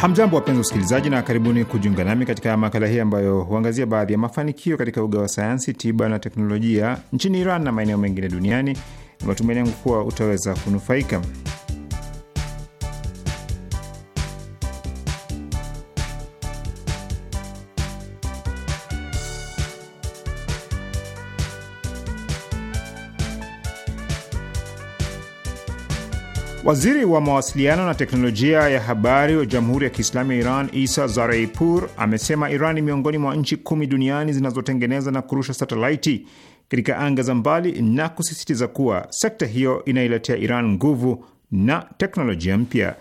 Hamjambo, wapenzi usikilizaji na karibuni kujiunga nami katika makala hii ambayo huangazia baadhi ya mafanikio katika uga wa sayansi, tiba na teknolojia nchini Iran na maeneo mengine duniani. Matumaini yangu kuwa utaweza kunufaika. Waziri wa mawasiliano na teknolojia ya habari wa Jamhuri ya Kiislamu ya Iran, Isa Zareipur, amesema Iran ni miongoni mwa nchi kumi duniani zinazotengeneza na kurusha satelaiti katika anga za mbali na kusisitiza kuwa sekta hiyo inailetea Iran nguvu na teknolojia mpya.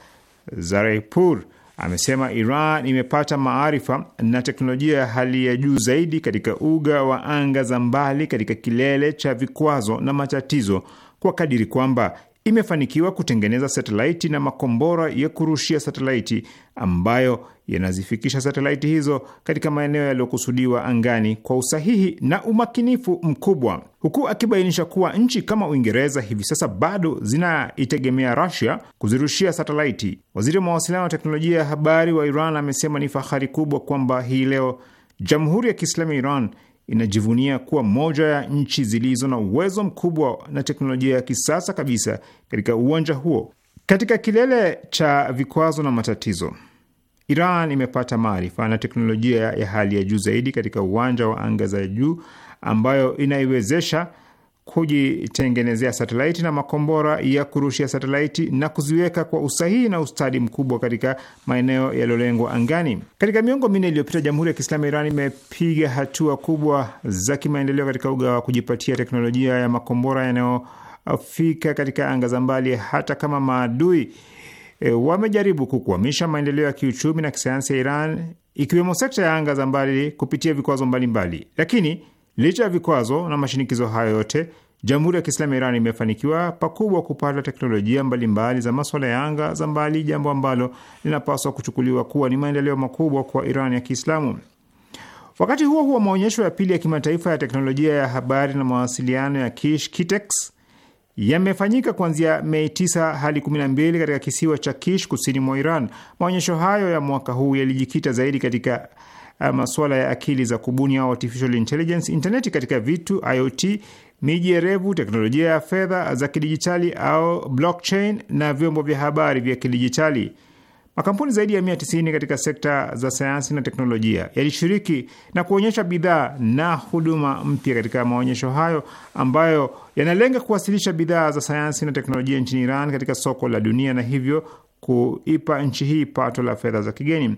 Zareipur amesema Iran imepata maarifa na teknolojia ya hali ya juu zaidi katika uga wa anga za mbali katika kilele cha vikwazo na matatizo kwa kadiri kwamba imefanikiwa kutengeneza satelaiti na makombora ya kurushia satelaiti ambayo yanazifikisha satelaiti hizo katika maeneo yaliyokusudiwa angani kwa usahihi na umakinifu mkubwa, huku akibainisha kuwa nchi kama Uingereza hivi sasa bado zinaitegemea rasia kuzirushia satelaiti. Waziri wa mawasiliano na teknolojia ya habari wa Iran amesema ni fahari kubwa kwamba hii leo Jamhuri ya Kiislamu ya Iran inajivunia kuwa moja ya nchi zilizo na uwezo mkubwa na teknolojia ya kisasa kabisa katika uwanja huo. Katika kilele cha vikwazo na matatizo, Iran imepata maarifa na teknolojia ya hali ya juu zaidi katika uwanja wa anga za juu ambayo inaiwezesha kujitengenezea satelaiti na makombora ya kurushia satelaiti na kuziweka kwa usahihi na ustadi mkubwa katika maeneo yaliyolengwa angani. Katika miongo minne iliyopita, Jamhuri ya Kiislamu ya Iran imepiga hatua kubwa za kimaendeleo katika uga wa kujipatia teknolojia ya makombora yanayofika katika anga za mbali, hata kama maadui e, wamejaribu kukwamisha maendeleo ya kiuchumi na kisayansi ya Iran, ikiwemo sekta ya anga za mbali kupitia vikwazo mbalimbali, lakini Licha ya vikwazo na mashinikizo hayo yote, Jamhuri ya Kiislamu ya Iran imefanikiwa pakubwa kupata teknolojia mbalimbali mbali za maswala ya anga za mbali, jambo ambalo linapaswa kuchukuliwa kuwa ni maendeleo makubwa kwa Iran ya Kiislamu. Wakati huo huo, maonyesho ya pili ya kimataifa ya teknolojia ya habari na mawasiliano ya Kish Kitex yamefanyika kuanzia Mei 9 hadi 12 katika kisiwa cha Kish kusini mwa Iran. Maonyesho hayo ya mwaka huu yalijikita zaidi katika Uh, masuala ya akili za kubuni au artificial intelligence, interneti katika vitu IoT, miji erevu, teknolojia ya fedha za kidijitali au blockchain na vyombo vya habari vya kidijitali. Makampuni zaidi ya 190 katika sekta za sayansi na teknolojia yalishiriki na kuonyesha bidhaa na huduma mpya katika maonyesho hayo ambayo yanalenga kuwasilisha bidhaa za sayansi na teknolojia nchini Iran katika soko la dunia na hivyo kuipa nchi hii pato la fedha za kigeni.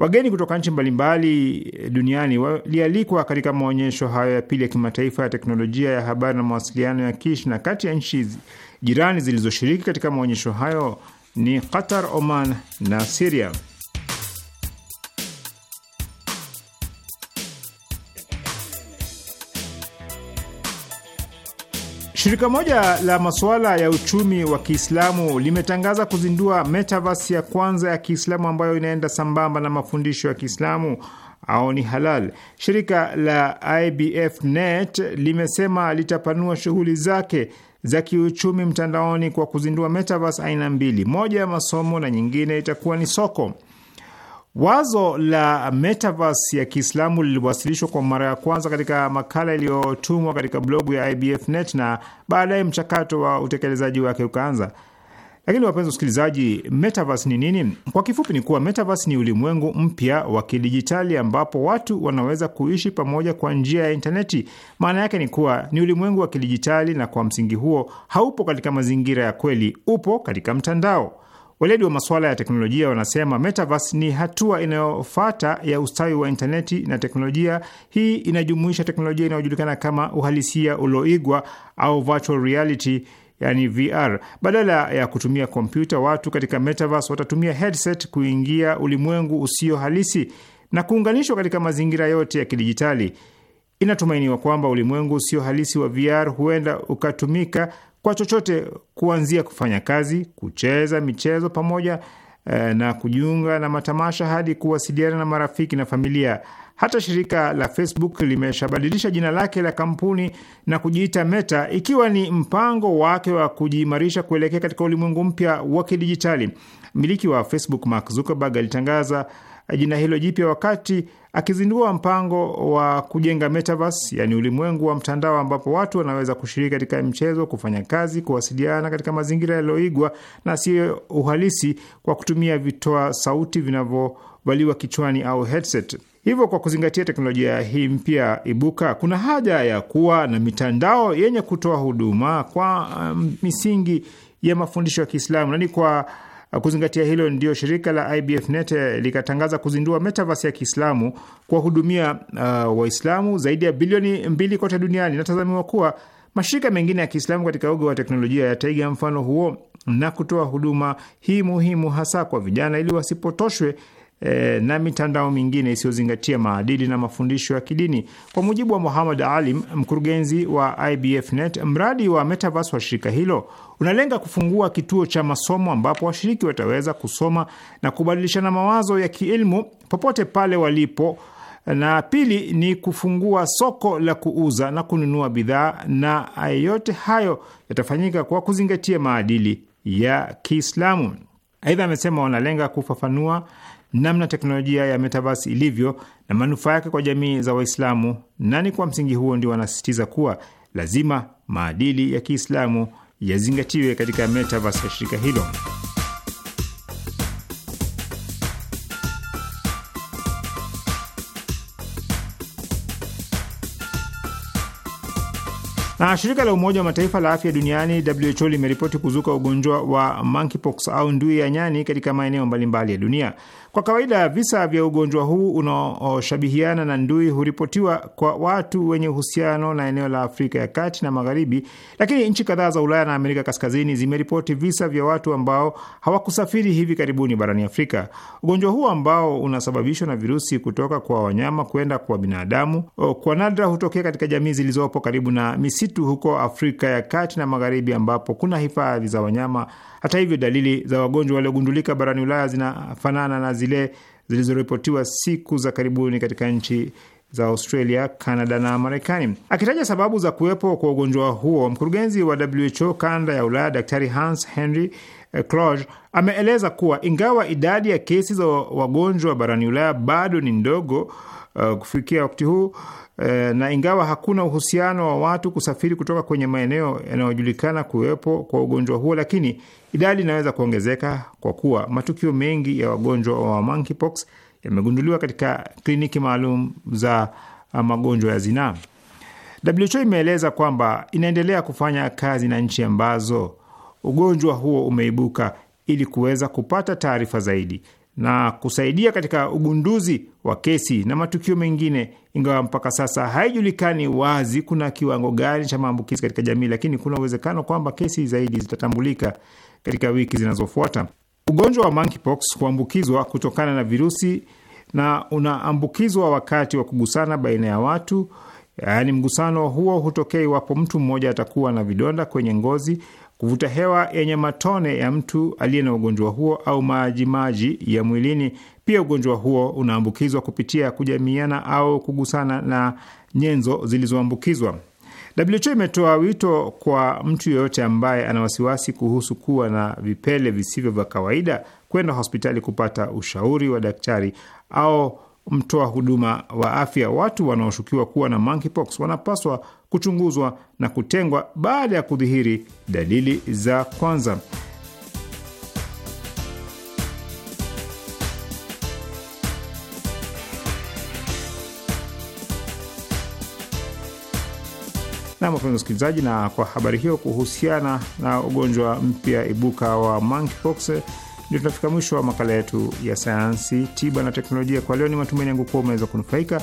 Wageni kutoka nchi mbalimbali eh, duniani walialikwa katika maonyesho hayo ya pili ya kimataifa ya teknolojia ya habari na mawasiliano ya Kish, na kati ya nchi jirani zilizoshiriki katika maonyesho hayo ni Qatar, Oman na Siria. Shirika moja la masuala ya uchumi wa Kiislamu limetangaza kuzindua metaverse ya kwanza ya Kiislamu ambayo inaenda sambamba na mafundisho ya Kiislamu au ni halal. Shirika la IBF Net limesema litapanua shughuli zake za kiuchumi mtandaoni kwa kuzindua metaverse aina mbili, moja ya masomo na nyingine itakuwa ni soko. Wazo la metaverse ya Kiislamu liliwasilishwa kwa mara ya kwanza katika makala iliyotumwa katika blogu ya IBFnet na baadaye mchakato wa utekelezaji wake ukaanza. Lakini wapenzi wasikilizaji, metaverse ni nini? Kwa kifupi ni kuwa metaverse ni ulimwengu mpya wa kidijitali ambapo watu wanaweza kuishi pamoja kwa njia ya intaneti. Maana yake ni kuwa ni ulimwengu wa kidijitali, na kwa msingi huo haupo katika mazingira ya kweli, upo katika mtandao. Weledi wa masuala ya teknolojia wanasema metaverse ni hatua inayofata ya ustawi wa intaneti, na teknolojia hii inajumuisha teknolojia inayojulikana kama uhalisia ulioigwa au virtual reality, yani VR. Badala ya kutumia kompyuta, watu katika metaverse watatumia headset kuingia ulimwengu usio halisi na kuunganishwa katika mazingira yote ya kidijitali. Inatumainiwa kwamba ulimwengu usio halisi wa VR huenda ukatumika kwa chochote kuanzia kufanya kazi, kucheza michezo pamoja eh, na kujiunga na matamasha hadi kuwasiliana na marafiki na familia. Hata shirika la Facebook limeshabadilisha jina lake la kampuni na kujiita Meta, ikiwa ni mpango wake wa kujiimarisha kuelekea katika ulimwengu mpya wa kidijitali. Mmiliki wa Facebook Mark Zuckerberg alitangaza jina hilo jipya wakati Akizindua mpango wa kujenga metaverse, yani ulimwengu wa mtandao ambapo watu wanaweza kushiriki katika mchezo, kufanya kazi, kuwasiliana katika mazingira yaliyoigwa na siyo uhalisi kwa kutumia vitoa sauti vinavyovaliwa kichwani au headset. Hivyo, kwa kuzingatia teknolojia hii mpya ibuka, kuna haja ya kuwa na mitandao yenye kutoa huduma kwa um, misingi ya mafundisho ya Kiislamu na ni kwa Kuzingatia hilo, ndio shirika la Net likatangaza kuzindua metaverse ya Kiislamu kuwahudumia uh, Waislamu zaidi ya bilioni mbili kote duniani. Natazamiwa kuwa mashirika mengine ya Kiislamu katika uga wa teknolojia yataiga mfano huo na kutoa huduma hii muhimu hasa kwa vijana ili wasipotoshwe E, na mitandao mingine isiyozingatia maadili na mafundisho ya kidini. Kwa mujibu wa Muhammad Alim, mkurugenzi wa IBFNet, mradi wa metaverse wa shirika hilo unalenga kufungua kituo cha masomo ambapo washiriki wataweza kusoma na kubadilishana mawazo ya kielimu popote pale walipo, na pili ni kufungua soko la kuuza na kununua bidhaa, na yote hayo yatafanyika kwa kuzingatia maadili ya Kiislamu. Aidha, amesema wanalenga kufafanua namna teknolojia ya metaverse ilivyo na manufaa yake kwa jamii za Waislamu, na ni kwa msingi huo ndio wanasisitiza kuwa lazima maadili ya Kiislamu yazingatiwe katika metaverse ya shirika hilo. Na shirika la Umoja wa Mataifa la afya duniani WHO limeripoti kuzuka ugonjwa wa monkeypox au ndui ya nyani katika maeneo mbalimbali ya dunia. Kwa kawaida visa vya ugonjwa huu unaoshabihiana na ndui huripotiwa kwa watu wenye uhusiano na eneo la Afrika ya kati na magharibi, lakini nchi kadhaa za Ulaya na Amerika kaskazini zimeripoti visa vya watu ambao hawakusafiri hivi karibuni barani Afrika. Ugonjwa huu ambao unasababishwa na virusi kutoka kwa wanyama kwenda kwa binadamu, kwa nadra hutokea katika jamii zilizopo karibu na misitu huko Afrika ya kati na magharibi, ambapo kuna hifadhi za wanyama hata hivyo, dalili za wagonjwa waliogundulika barani Ulaya zinafanana na zile zilizoripotiwa siku za karibuni katika nchi za Australia, Canada na Marekani. Akitaja sababu za kuwepo kwa ugonjwa huo, mkurugenzi wa WHO kanda ya Ulaya, Daktari Hans Henry Kluge eh, ameeleza kuwa ingawa idadi ya kesi za wagonjwa barani Ulaya bado ni ndogo Uh, kufikia wakati huu uh, na ingawa hakuna uhusiano wa watu kusafiri kutoka kwenye maeneo yanayojulikana kuwepo kwa ugonjwa huo, lakini idadi inaweza kuongezeka kwa kuwa matukio mengi ya wagonjwa wa monkeypox yamegunduliwa katika kliniki maalum za uh, magonjwa ya zinaa. WHO imeeleza kwamba inaendelea kufanya kazi na nchi ambazo ugonjwa huo umeibuka ili kuweza kupata taarifa zaidi na kusaidia katika ugunduzi wa kesi na matukio mengine, ingawa mpaka sasa haijulikani wazi kuna kiwango gani cha maambukizi katika jamii, lakini kuna uwezekano kwamba kesi zaidi zitatambulika katika wiki zinazofuata. Ugonjwa wa monkeypox huambukizwa kutokana na virusi na unaambukizwa wakati wa kugusana baina ya watu, yaani mgusano huo hutokea iwapo mtu mmoja atakuwa na vidonda kwenye ngozi kuvuta hewa yenye matone ya mtu aliye na ugonjwa huo au majimaji ya mwilini. Pia ugonjwa huo unaambukizwa kupitia kujamiana au kugusana na nyenzo zilizoambukizwa. WHO imetoa wito kwa mtu yeyote ambaye ana wasiwasi kuhusu kuwa na vipele visivyo vya kawaida kwenda hospitali kupata ushauri wa daktari au mtoa huduma wa afya. Watu wanaoshukiwa kuwa na monkeypox wanapaswa kuchunguzwa na kutengwa baada ya kudhihiri dalili za kwanza. Nam, wapenzi wasikilizaji, na kwa habari hiyo kuhusiana na ugonjwa mpya ibuka wa monkeypox, ndio tunafika mwisho wa makala yetu ya sayansi, tiba na teknolojia kwa leo. Ni matumaini yangu kuwa umeweza kunufaika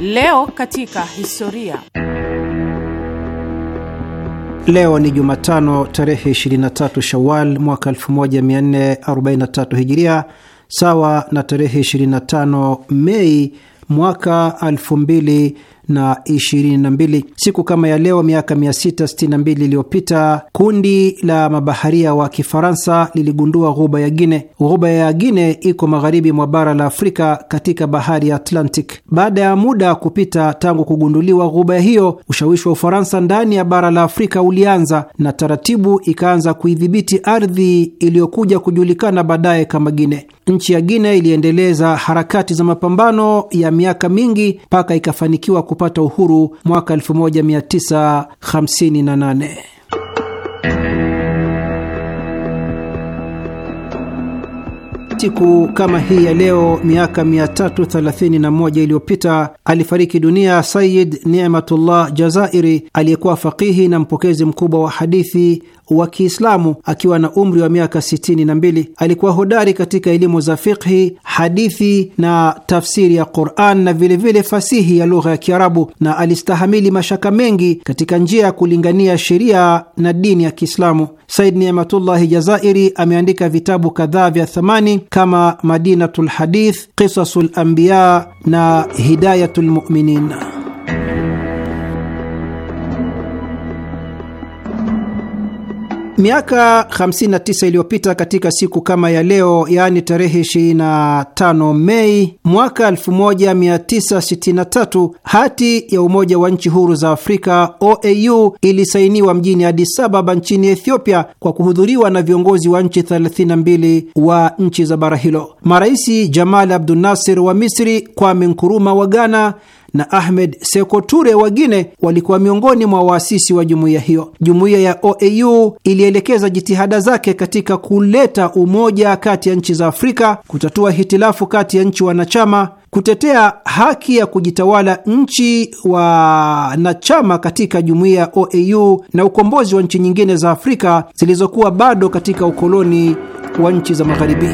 Leo katika historia. Leo ni Jumatano tarehe 23 Shawal mwaka 1443 Hijiria, sawa na tarehe 25 Mei mwaka na mbili. Siku kama ya leo miaka 662 iliyopita kundi la mabaharia wa Kifaransa liligundua ghuba ya Gine. Ghuba ya Gine iko magharibi mwa bara la Afrika katika bahari ya Atlantic. Baada ya muda kupita tangu kugunduliwa ghuba hiyo, ushawishi wa Ufaransa ndani ya bara la Afrika ulianza na taratibu ikaanza kuidhibiti ardhi iliyokuja kujulikana baadaye kama Gine. Nchi ya Gine iliendeleza harakati za mapambano ya miaka mingi mpaka ikafanikiwa kupata uhuru mwaka 1958. Siku kama hii ya leo miaka 331 iliyopita alifariki dunia Sayid Nematullah Jazairi, aliyekuwa faqihi na mpokezi mkubwa wa hadithi, wa Kiislamu akiwa na umri wa miaka sitini na mbili. Alikuwa hodari katika elimu za fiqhi, hadithi na tafsiri ya Quran na vilevile vile fasihi ya lugha ya Kiarabu, na alistahamili mashaka mengi katika njia ya kulingania sheria na dini ya Kiislamu. Said Niamatullahi Jazairi ameandika vitabu kadhaa vya thamani kama madinatu lhadith Qisasu lambiya na hidayatu lmuminin Miaka 59 iliyopita katika siku kama ya leo, yaani tarehe 25 Mei mwaka 1963, hati ya Umoja wa Nchi Huru za Afrika OAU ilisainiwa mjini Addis Ababa nchini Ethiopia kwa kuhudhuriwa na viongozi wa nchi 32 wa nchi za bara hilo, marais Jamal abdu Nasir wa Misri, Kwame Nkuruma wa Ghana na Ahmed sekoture Ture walikuwa miongoni mwa waasisi wa jumuiya hiyo. Jumuiya ya OAU ilielekeza jitihada zake katika kuleta umoja kati ya nchi za Afrika, kutatua hitilafu kati ya nchi wanachama kutetea haki ya kujitawala nchi wanachama katika jumuiya ya OAU na ukombozi wa nchi nyingine za Afrika zilizokuwa bado katika ukoloni wa nchi za Magharibi.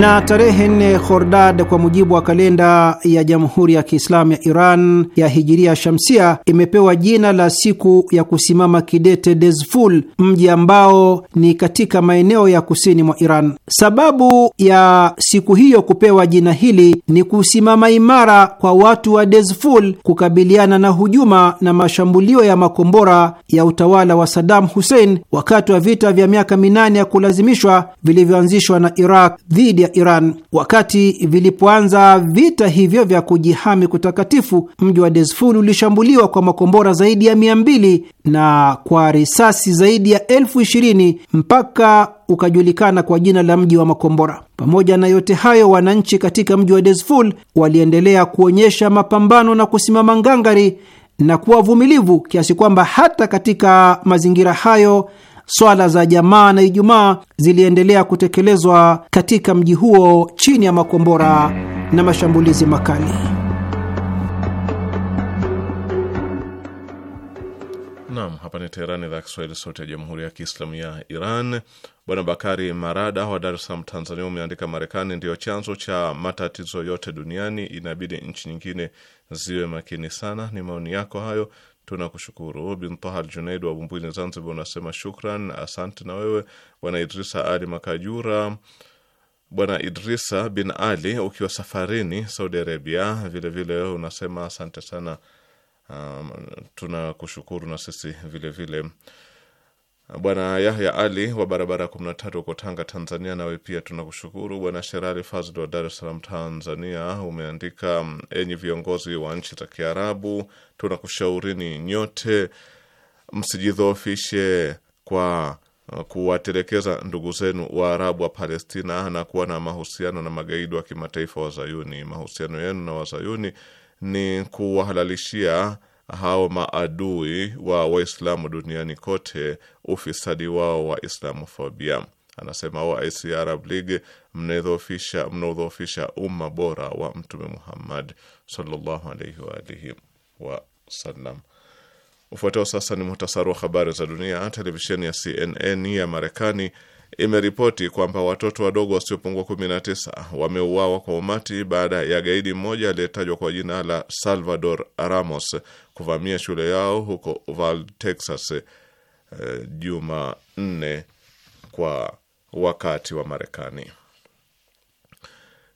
na tarehe nne Khordad kwa mujibu wa kalenda ya Jamhuri ya Kiislamu ya Iran ya hijiria shamsia imepewa jina la siku ya kusimama kidete Dezful, mji ambao ni katika maeneo ya kusini mwa Iran. Sababu ya siku hiyo kupewa jina hili ni kusimama imara kwa watu wa Dezful kukabiliana na hujuma na mashambulio ya makombora ya utawala wa Saddam Hussein wakati wa vita vya miaka minane ya kulazimishwa vilivyoanzishwa na Iraq dhidi ya Iran. Wakati vilipoanza vita hivyo vya kujihami kutakatifu, mji wa Dezfur ulishambuliwa kwa makombora zaidi ya mia mbili na kwa risasi zaidi ya elfu ishirini mpaka ukajulikana kwa jina la mji wa makombora. Pamoja na yote hayo, wananchi katika mji wa Dezful waliendelea kuonyesha mapambano na kusimama ngangari na kuwa vumilivu kiasi kwamba hata katika mazingira hayo swala za jamaa na Ijumaa ziliendelea kutekelezwa katika mji huo chini ya makombora na mashambulizi makali. Naam, hapa ni Teherani, idhaa ya Kiswahili, sauti ya jamhuri ya kiislamu ya Iran. Bwana Bakari Marada wa Dar es Salaam, Tanzania, umeandika Marekani ndiyo chanzo cha matatizo yote duniani, inabidi nchi nyingine ziwe makini sana. Ni maoni yako hayo Tunakushukuru. Bintaha Aljunaid wa Bumbwini, Zanzibar, unasema shukran, asante. Na wewe Bwana Idrisa Ali Makajura, Bwana Idrisa bin Ali, ukiwa safarini Saudi Arabia, vilevile vile unasema asante sana. Um, tunakushukuru na sisi vilevile vile. Bwana Yahya Ali wa barabara ya kumi na tatu huko Tanga, Tanzania, nawe pia tunakushukuru. Bwana Sherali Fazl wa Dar es Salaam, Tanzania, umeandika: enyi viongozi wa nchi za Kiarabu, tunakushaurini nyote msijidhoofishe kwa uh, kuwatelekeza ndugu zenu wa arabu wa Palestina na kuwa na mahusiano na magaidi wa kimataifa Wazayuni. Mahusiano yenu na Wazayuni ni kuwahalalishia hao maadui wa Waislamu duniani kote ufisadi wao wa Islamofobia. Anasema OIC Arab League mnaudhoofisha umma bora wa Mtume Muhammad sallallahu alaihi wa alihi Ufuatao sasa ni muhtasari wa habari za dunia. Televisheni ya CNN ya Marekani imeripoti kwamba watoto wadogo wasiopungua 19 wameuawa kwa umati baada ya gaidi mmoja aliyetajwa kwa jina la Salvador Ramos kuvamia shule yao huko Uval, Texas eh, juma uh, kwa wakati wa Marekani.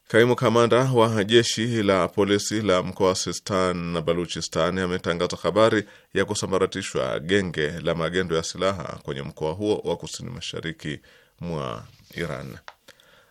Kaimu kamanda wa jeshi la polisi la mkoa Sistan na Baluchistan ametangaza habari ya kusambaratishwa genge la magendo ya silaha kwenye mkoa huo wa kusini mashariki mwa Iran.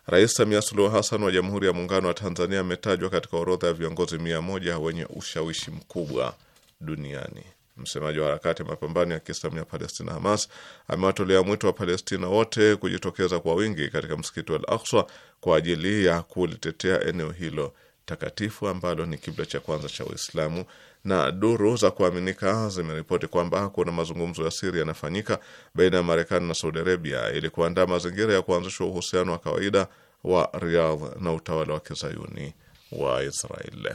Rais Samia Suluhu Hassan wa Jamhuri ya Muungano wa Tanzania ametajwa katika orodha ya viongozi mia moja wenye ushawishi mkubwa duniani. Msemaji wa harakati ya mapambano ya Kiislamu ya Palestina, Hamas, amewatolea mwito wa Palestina wote kujitokeza kwa wingi katika msikiti wa Al akswa kwa ajili ya kulitetea eneo hilo takatifu ambalo ni kibla cha kwanza cha Uislamu, na duru za kuaminika zimeripoti kwamba kuna mazungumzo ya siri yanafanyika baina ya Marekani na Saudi Arabia ili kuandaa mazingira ya kuanzishwa uhusiano wa kawaida wa Riyadh na utawala wa kizayuni wa Israeli.